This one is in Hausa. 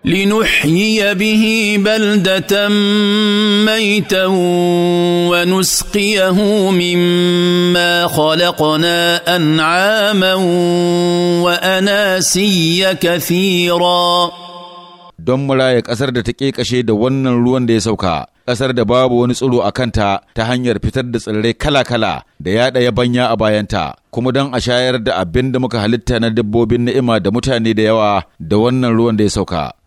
لنحيي به بلده ميتا ونسقيه مما خلقنا انعاما واناسيا كثيرا don muraya ƙasar da ta ƙeƙashe da wannan ruwan da ya sauka, ƙasar da babu wani tsiro a kanta ta hanyar fitar da tsirrai kala-kala da ɗaya banya a bayanta, kuma don a shayar da abin da muka halitta na dabbobin ni'ima da mutane da yawa da wannan ruwan da ya sauka.